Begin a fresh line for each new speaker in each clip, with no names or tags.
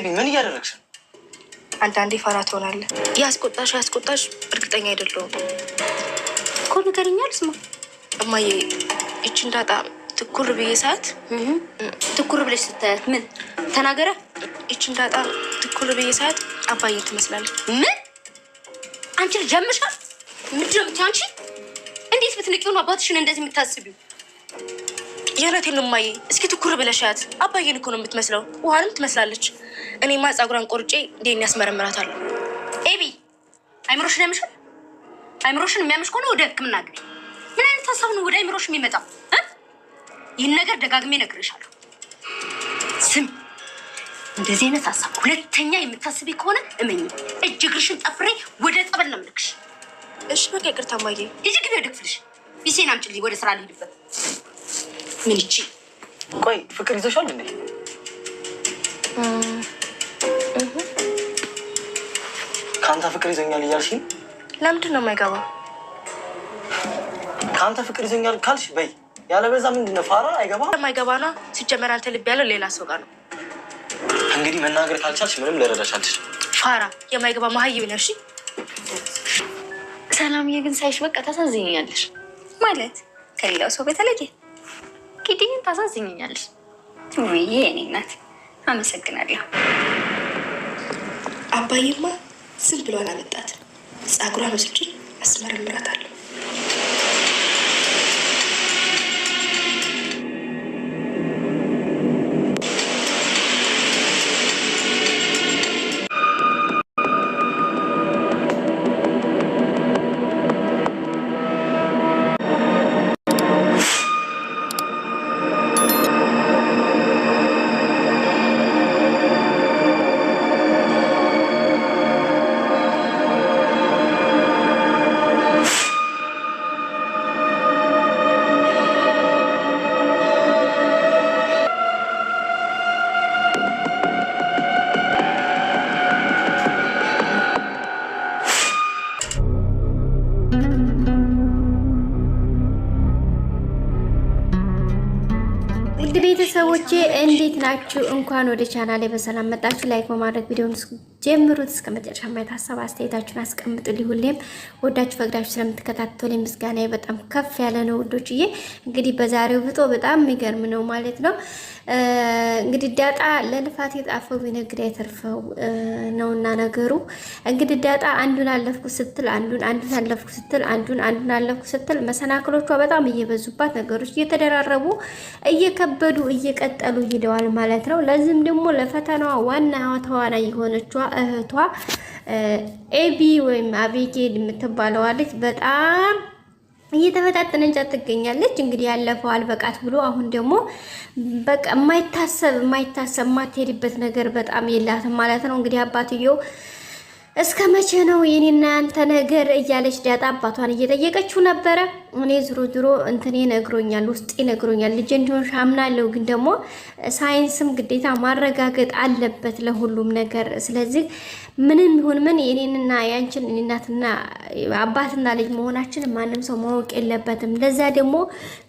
ቤቢ ምን እያደረግሽ ነው?
አንዳንዴ ፋራ ትሆናለህ። ያስቆጣሽ ያስቆጣሽ እርግጠኛ አይደለሁም
እኮ ንገርኛል። ስማ
እማዬ፣ እች እንዳጣ ትኩር ብዬ ሰዓት
ትኩር ብለሽ ስታያት ምን ተናገረ?
እች እንዳጣ ትኩር ብዬ ሰዓት አባዬን ትመስላለች።
ምን አንቺ ልጅ ጀምሻል? ምንድን ነው አንቺ እንዴት ብትንቂው አባትሽን እንደዚህ የምታስቢው?
የእውነቴን ነው እማዬ፣ እስኪ ትኩር ብለሻያት። አባዬን እኮ ነው የምትመስለው። ውሃንም ትመስላለች። እኔማ ፀጉሯን ቆርጬ እንዴት ያስመረምራታለሁ።
ኤቢ አይምሮሽን ያምሻል። አይምሮሽን የሚያምሽ ከሆነ ወደ ሕክምና ግቢ። ምን አይነት ሀሳብ ነው ወደ አይምሮሽ የሚመጣው? ይህን ነገር ደጋግሜ እነግርሻለሁ። ስም እንደዚህ አይነት ሀሳብ ሁለተኛ የምታስቢ ከሆነ እመኝ፣ እጅ እግርሽን ጠፍሬ ወደ ጠበል ነው የምልክሽ።
እሺ በቃ ይቅርታ ማየ፣
እጅ ግቢ ወደ ክፍልሽ። ቢሴን አምጪልኝ፣ ወደ ስራ ልሄድበት። ምን ይቺ
ቆይ ፍቅር ይዞሻል እንዴ? ከአንተ ፍቅር ይዘኛል እያልሽ
ለምንድን ነው የማይገባው?
ከአንተ ፍቅር ይዘኛል ካልሽ በይ። ያለበዛ ምንድን ነው ፋራ አይገባም።
የማይገባ ነው ሲጀመር አንተ ልብ ያለው ሌላ ሰው ጋር ነው።
እንግዲህ መናገር ካልቻልሽ ምንም ልረዳሽ አልችልም።
ፋራ የማይገባ መሀይብ ነው። እሺ ሰላምዬ፣ ግን ሳይሽ በቃ ታሳዝኛለሽ። ማለት ከሌላው ሰው በተለየ ጊዲህን ታሳዝኛለሽ። ውይ የኔ እናት አመሰግናለሁ።
አባይማ ስል ብሏን አመጣት። ጸጉሯ መስልችን አስመረምራታለሁ።
ውድ ቤተሰቦቼ እንዴት ናችሁ? እንኳን ወደ ቻናሌ በሰላም መጣችሁ። ላይክ በማድረግ ቪዲዮውን ጀምሩት እስከ መጨረሻ ማየት ሀሳብ አስተያየታችሁን አስቀምጡልኝ። ሊሁሌም ወዳችሁ ፈቅዳችሁ ስለምትከታተሉ ምስጋና በጣም ከፍ ያለ ነው ዬ እንግዲህ በዛሬው ብጦ በጣም የሚገርም ነው ማለት ነው። እንግዲህ ዳጣ ለልፋት የጣፈው ቢነግድ አይተርፈው ነውና ነገሩ እንግዲህ ዳጣ አንዱን አለፍኩ ስትል አንዱን አንዱን አለፍኩ ስትል አንዱን አንዱን አለፍኩ ስትል መሰናክሎቿ በጣም እየበዙባት ነገሮች እየተደራረቡ እየከበዱ እየቀጠሉ ሂደዋል ማለት ነው። ለዚህም ደግሞ ለፈተናዋ ዋና ተዋናይ የሆነችዋ እህቷ ኤቢ ወይም አቤጌል የምትባለዋ በጣም እየተፈታተነች ትገኛለች። እንግዲህ ያለፈው አልበቃት ብሎ አሁን ደግሞ በቃ የማይታሰብ የማይታሰብ የማትሄድበት ነገር በጣም የላትም ማለት ነው እንግዲህ አባትየው እስከ መቼ ነው የኔና ያንተ ነገር እያለች ዳጣ አባቷን እየጠየቀችው ነበረ። እኔ ዝሮ ዝሮ እንትኔ ነግሮኛል፣ ውስጤ ነግሮኛል፣ ልጄ እንደሆንሽ አምናለሁ። ግን ደግሞ ሳይንስም ግዴታ ማረጋገጥ አለበት ለሁሉም ነገር። ስለዚህ ምንም ይሁን ምን የኔንና ያንችን እናትና አባትና ልጅ መሆናችን ማንም ሰው ማወቅ የለበትም። ለዛ ደግሞ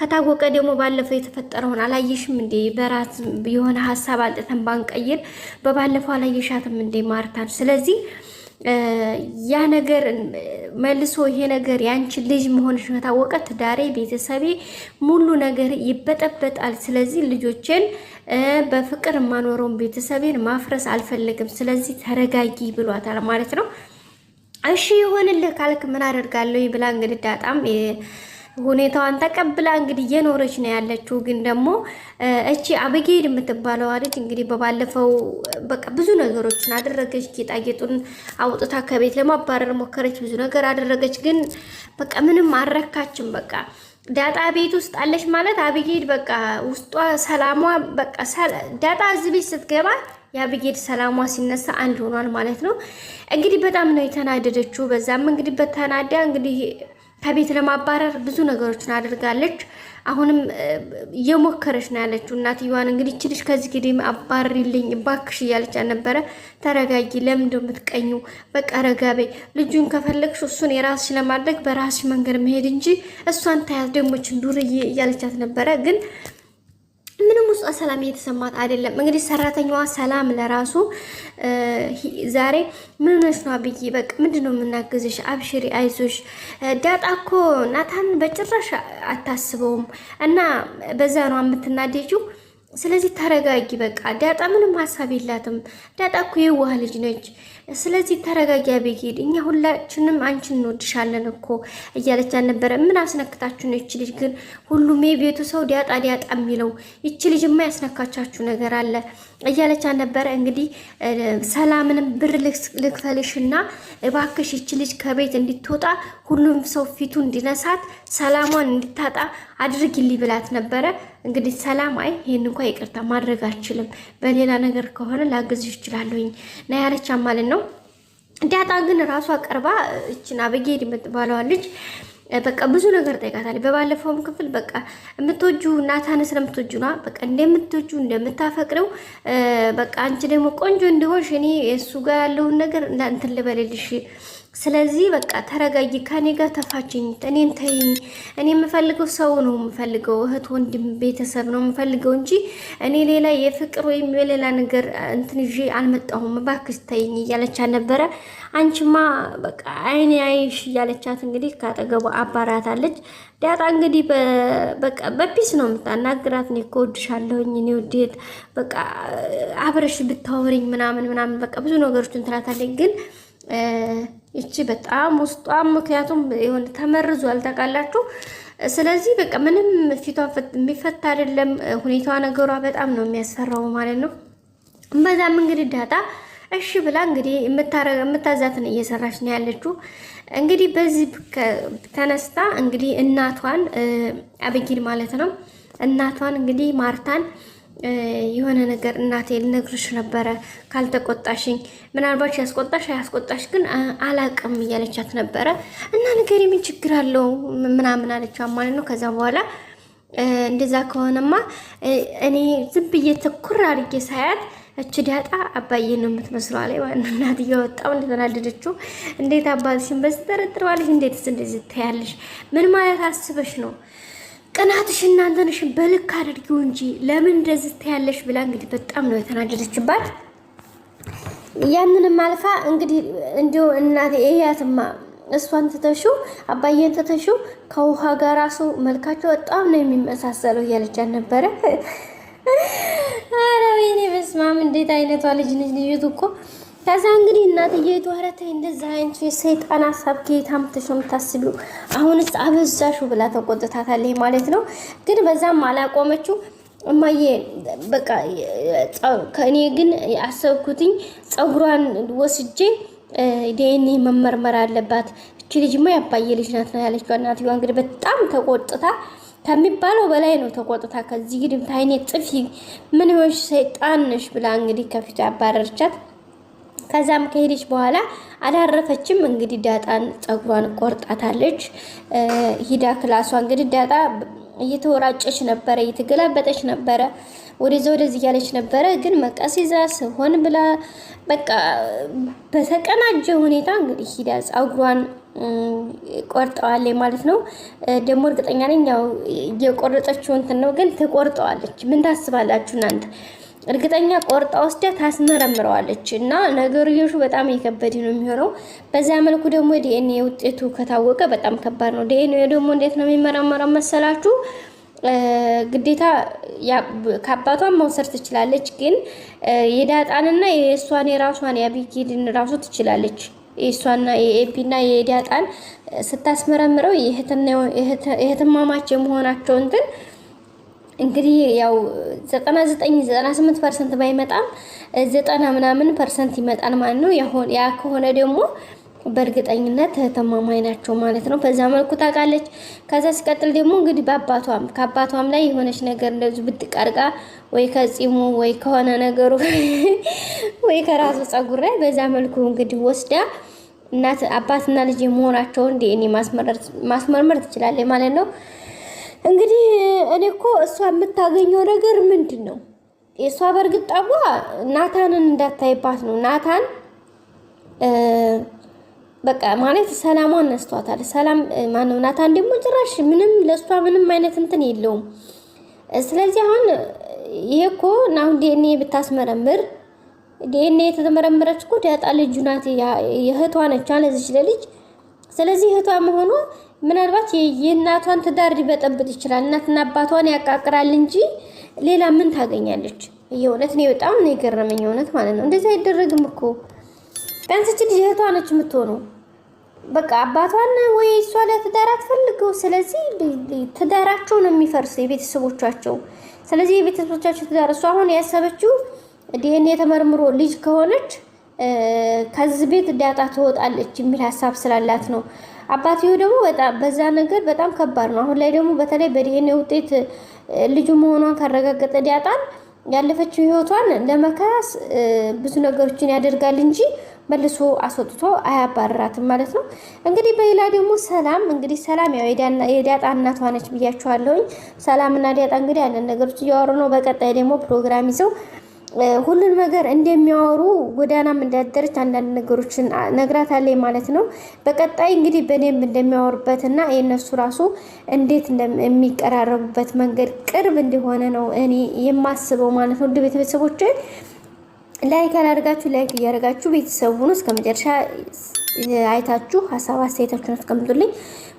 ከታወቀ ደግሞ ባለፈው የተፈጠረውን አላየሽም እንዴ? በራት የሆነ ሀሳብ አልጥተን ባንቀይር፣ በባለፈው አላየሻትም እንዴ ማርታን? ስለዚህ ያ ነገር መልሶ ይሄ ነገር ያንቺ ልጅ መሆንሽ ከታወቀ ትዳሬ፣ ቤተሰቤ፣ ሙሉ ነገር ይበጠበጣል። ስለዚህ ልጆችን በፍቅር የማኖረውን ቤተሰቤን ማፍረስ አልፈልግም። ስለዚህ ተረጋጊ ብሏታል ማለት ነው። እሺ ይሆንልህ ካልክ ምን አደርጋለሁ ብላ እንግዲህ ዳጣም ሁኔታዋን ተቀብላ እንግዲህ እየኖረች ነው ያለችው። ግን ደግሞ እቺ አበጌድ የምትባለው አለች እንግዲህ በባለፈው በቃ ብዙ ነገሮችን አደረገች። ጌጣጌጡን አውጥታ ከቤት ለማባረር ሞከረች፣ ብዙ ነገር አደረገች። ግን በቃ ምንም አረካችም። በቃ ዳጣ ቤት ውስጥ አለች ማለት አብጌድ በቃ ውስጧ ሰላሟ በቃ ዳጣ እዚህ ቤት ስትገባ የአብጌድ ሰላሟ ሲነሳ አንድ ሆኗል ማለት ነው። እንግዲህ በጣም ነው የተናደደችው። በዛም እንግዲህ በተናዳ እንግዲህ ከቤት ለማባረር ብዙ ነገሮችን አድርጋለች። አሁንም እየሞከረች ነው ያለችው። እናትየዋን እንግዲህ ችልሽ ከዚህ ጊዜ አባሪልኝ ባክሽ እያለች ነበረ። ተረጋጊ፣ ለምን እንደው የምትቀኙ? በቃ ረጋቤ፣ ልጁን ከፈለግሽ እሱን የራስሽ ለማድረግ በራስሽ መንገድ መሄድ እንጂ እሷን ታያት ደሞችን ዱርዬ እያለቻት ነበረ ግን ምንም ውስጧ ሰላም እየተሰማት አይደለም። እንግዲህ ሰራተኛዋ ሰላም ለራሱ ዛሬ ምን ሆነሽ ነው አብይ፣ በቃ ምንድን ነው የምናግዝሽ? አብሽሪ፣ አይዞሽ። ዳጣ እኮ ናታን በጭራሽ አታስበውም እና በዛ ነው የምትናደጂው። ስለዚህ ተረጋጊ፣ በቃ ዳጣ ምንም ሀሳብ የላትም። ዳጣ እኮ የዋህ ልጅ ነች። ስለዚህ ተረጋጊ አቤጌል፣ እኛ ሁላችንም አንቺ እንወድሻለን እኮ እያለች ነበረ። ምን አስነክታችሁ ነው? ይች ልጅ ግን ሁሉም የቤቱ ሰው ዲያጣ ዲያጣ የሚለው ይቺ ልጅማ ያስነካቻችሁ ነገር አለ እያለች ነበረ። እንግዲህ ሰላምንም ብር ልክፈልሽና እባክሽ ይቺ ልጅ ከቤት እንድትወጣ ሁሉም ሰው ፊቱ እንዲነሳት ሰላሟን እንድታጣ አድርጊልኝ ብላት ነበረ። እንግዲህ ሰላም አይ ይህን እንኳ ይቅርታ ማድረግ አልችልም፣ በሌላ ነገር ከሆነ ላግዝሽ እችላለሁኝ ና ያለች ማለት ነው። ዳጣ ግን ራሷ ቀርባ እችን አበጌድ የምትባለዋ ልጅ በቃ ብዙ ነገር ጠይቃታለች። በባለፈውም ክፍል በቃ የምትወጁ ናታን ስለምትወጁ ና በቃ እንደምትወጁ እንደምታፈቅረው በቃ አንቺ ደግሞ ቆንጆ እንደሆንሽ እኔ እሱ ጋር ያለውን ነገር እንትን ልበልልሽ ስለዚህ በቃ ተረጋጊ፣ ከኔ ጋር ተፋችኝ፣ እኔን ተይኝ። እኔ የምፈልገው ሰው ነው የምፈልገው፣ እህት ወንድም፣ ቤተሰብ ነው የምፈልገው እንጂ እኔ ሌላ የፍቅር ወይም የሌላ ነገር እንትን ይዤ አልመጣሁም፣ እባክሽ ተይኝ እያለቻት ነበረ። አንቺማ በቃ አይኔ አይሽ እያለቻት እንግዲህ ካጠገቡ አባራታለች። ዳጣ እንግዲህ በቃ በፒስ ነው የምታናግራት። እኔ እኮ እወድሻለሁኝ እኔ ውዴት በቃ አብረሽ ብታወሪኝ ምናምን ምናምን በቃ ብዙ ነገሮችን ትላታለች ግን ይቺ በጣም ውስጧም ምክንያቱም ይሁን ተመርዟል ታውቃላችሁ። ስለዚህ በቃ ምንም ፊቷ የሚፈታ አይደለም ሁኔታዋ፣ ነገሯ በጣም ነው የሚያስፈራው ማለት ነው። በዛም እንግዲህ ዳጣ እሺ ብላ እንግዲህ የምታዛትን እየሰራች ነው ያለችው። እንግዲህ በዚህ ተነስታ እንግዲህ እናቷን አበጊል ማለት ነው እናቷን እንግዲህ ማርታን የሆነ ነገር እናቴ ልነግርሽ ነበረ ካልተቆጣሽኝ፣ ምናልባት ያስቆጣሽ አያስቆጣሽ ግን አላቅም እያለቻት ነበረ እና ነገር የምን ችግር አለው ምናምን አለችዋ ማለት ነው። ከዛ በኋላ እንደዛ ከሆነማ እኔ ዝም ብዬ ትኩር አድርጌ ሳያት እች ዳጣ አባዬ ነው የምትመስለው አለኝ ማለት ነው። እናትዬ ወጣው እንደተናደደችው፣ እንዴት አባትሽን በስተጠረጥረዋለሽ? እንዴትስ እንደዚህ ትያለሽ? ምን ማለት አስበሽ ነው ቅናትሽ እናንተንሽን በልክ አድርጊው እንጂ ለምን እንደዚህ ታያለሽ ብላ እንግዲህ በጣም ነው የተናደደችባት። ያንንም አልፋ እንግዲህ እንዲሁ እናቴ እያትማ እሷን ትተሽው አባዬን ተተሹ ከውሃ ጋር ራሱ መልካቸው በጣም ነው የሚመሳሰለው እያለቻት ነበረ። አረ ወይኔ በስመ አብ! እንዴት አይነቷ ልጅ ልጅ ልጅቱ እኮ ከዛ እንግዲህ እናትዬ ተወረተ እንደዛ አንቺ ሰይጣን ሀሳብ ከየት አምጥተሽ ነው የምታስቢው? አሁንስ አበዛሹ ብላ ተቆጥታታለች ማለት ነው። ግን በዛም አላቆመችው እማዬ በቃ ከእኔ ግን አሰብኩትኝ ፀጉሯን ወስጄ ዲኤንኤ መመርመር አለባት እቺ ልጅማ ያባየ ልጅ ናት ነው ያለችው። እናትየዋ እንግዲህ በጣም ተቆጥታ ከሚባለው በላይ ነው ተቆጥታ። ከዚህ ግድም ታይኔ ጥፊ ምን ሆንሽ ሰይጣን ነሽ ብላ እንግዲህ ከፊቱ ያባረርቻት። ከዛም ከሄደች በኋላ አላረፈችም። እንግዲህ ዳጣን ጸጉሯን ቆርጣታለች። ሂዳ ክላሷ እንግዲህ ዳጣ እየተወራጨች ነበረ፣ እየተገላበጠች ነበረ፣ ወደዛ ወደዚህ እያለች ነበረ። ግን መቀስ ይዛ ስሆን ብላ በቃ በተቀናጀ ሁኔታ እንግዲህ ሂዳ ጸጉሯን ቆርጠዋለች ማለት ነው። ደግሞ እርግጠኛ ነኝ ያው የቆረጠችው እንትን ነው፣ ግን ትቆርጠዋለች። ምን ታስባላችሁ እናንተ? እርግጠኛ ቆርጣ ወስዳ ታስመረምረዋለች እና ነገርዮሹ በጣም የከበደ ነው የሚሆነው። በዛ መልኩ ደግሞ ዲኤንኤ ውጤቱ ከታወቀ በጣም ከባድ ነው። ዲኤንኤ ደግሞ እንዴት ነው የሚመረመረው መሰላችሁ? ግዴታ ከአባቷን መውሰድ ትችላለች፣ ግን የዳጣንና የእሷን የራሷን የአቢጌድን ራሱ ትችላለች። የእሷና የኤቢና የዳጣን ስታስመረምረው የእህትማማች የመሆናቸው እንትን እንግዲህ ያው ዘጠና ዘጠኝ ፐርሰንት ባይመጣም ዘጠና ምናምን ፐርሰንት ይመጣል ማለት ነው። ያ ከሆነ ደግሞ በእርግጠኝነት ተማማኝ ናቸው ማለት ነው። በዛ መልኩ ታውቃለች። ከዛ ሲቀጥል ደግሞ እንግዲህ በአባቷም ከአባቷም ላይ የሆነች ነገር እንደዚሁ ብትቀርቃ ወይ ከጺሙ ወይ ከሆነ ነገሩ ወይ ከራሱ ጸጉር ላይ በዛ መልኩ እንግዲህ ወስዳ እናት አባትና ልጅ የመሆናቸውን ዲኤንኤ ማስመርመር ትችላለች ማለት ነው። እንግዲህ እኔ እኮ እሷ የምታገኘው ነገር ምንድን ነው? የእሷ በእርግጥ ናታንን እንዳታይባት ነው። ናታን በቃ ማለት ሰላሟን ነስቷታል። ሰላም ማነው? ናታን ደግሞ ጭራሽ ምንም ለእሷ ምንም አይነት እንትን የለውም። ስለዚህ አሁን ይሄ እኮ አሁን ዲኤንኤ ብታስመረምር ዲኤንኤ የተመረመረች እኮ ዳጣ ልጁ ናት፣ እህቷ ነች አለች ለልጅ። ስለዚህ እህቷ መሆኗ ምናልባት የእናቷን ትዳር ሊበጠብጥ ይችላል። እናትና አባቷን ያቃቅራል እንጂ ሌላ ምን ታገኛለች? የእውነት እኔ በጣም ነው የገረመኝ፣ የእውነት ማለት ነው። እንደዚህ አይደረግም እኮ ቢያንስች ልጅ እህቷ ነች የምትሆነው። በቃ አባቷን ወይ እሷ ለትዳር አትፈልገው። ስለዚህ ትዳራቸው ነው የሚፈርሰው የቤተሰቦቻቸው። ስለዚህ የቤተሰቦቻቸው ትዳር እሷ አሁን ያሰበችው ዲኤንኤ ተመርምሮ ልጅ ከሆነች ከዚህ ቤት ዳጣ ትወጣለች የሚል ሀሳብ ስላላት ነው አባትዮ ደግሞ በዛ ነገር በጣም ከባድ ነው። አሁን ላይ ደግሞ በተለይ በዲኤንኤ ውጤት ልጁ መሆኗን ካረጋገጠ ዲያጣን ያለፈችው ህይወቷን ለመካስ ብዙ ነገሮችን ያደርጋል እንጂ መልሶ አስወጥቶ አያባርራትም ማለት ነው። እንግዲህ በሌላ ደግሞ ሰላም እንግዲህ ሰላም ያው የዳጣ እናቷ ነች ብያችኋለሁኝ። ሰላምና ዳጣ እንግዲህ አንዳንድ ነገሮች እያወሩ ነው። በቀጣይ ደግሞ ፕሮግራም ይዘው ሁሉን ነገር እንደሚያወሩ ጎዳናም እንዳደረች አንዳንድ ነገሮችን ነግራታለች ማለት ነው። በቀጣይ እንግዲህ በደንብ እንደሚያወሩበት እና የእነሱ ራሱ እንዴት የሚቀራረቡበት መንገድ ቅርብ እንደሆነ ነው እኔ የማስበው ማለት ነው። ቤተሰቦች ላይክ ያላደርጋችሁ ላይክ ቤተሰቡ ነው እስከ መጨረሻ አይታችሁ ሀሳብ አስተያየታችሁን አስቀምጡልኝ።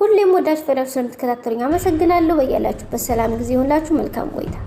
ሁሌም ወዳጅ ፈዳችሁ ስለምትከታተሉኝ አመሰግናለሁ። በያላችሁበት ሰላም ጊዜ ይሁንላችሁ። መልካም ቆይታ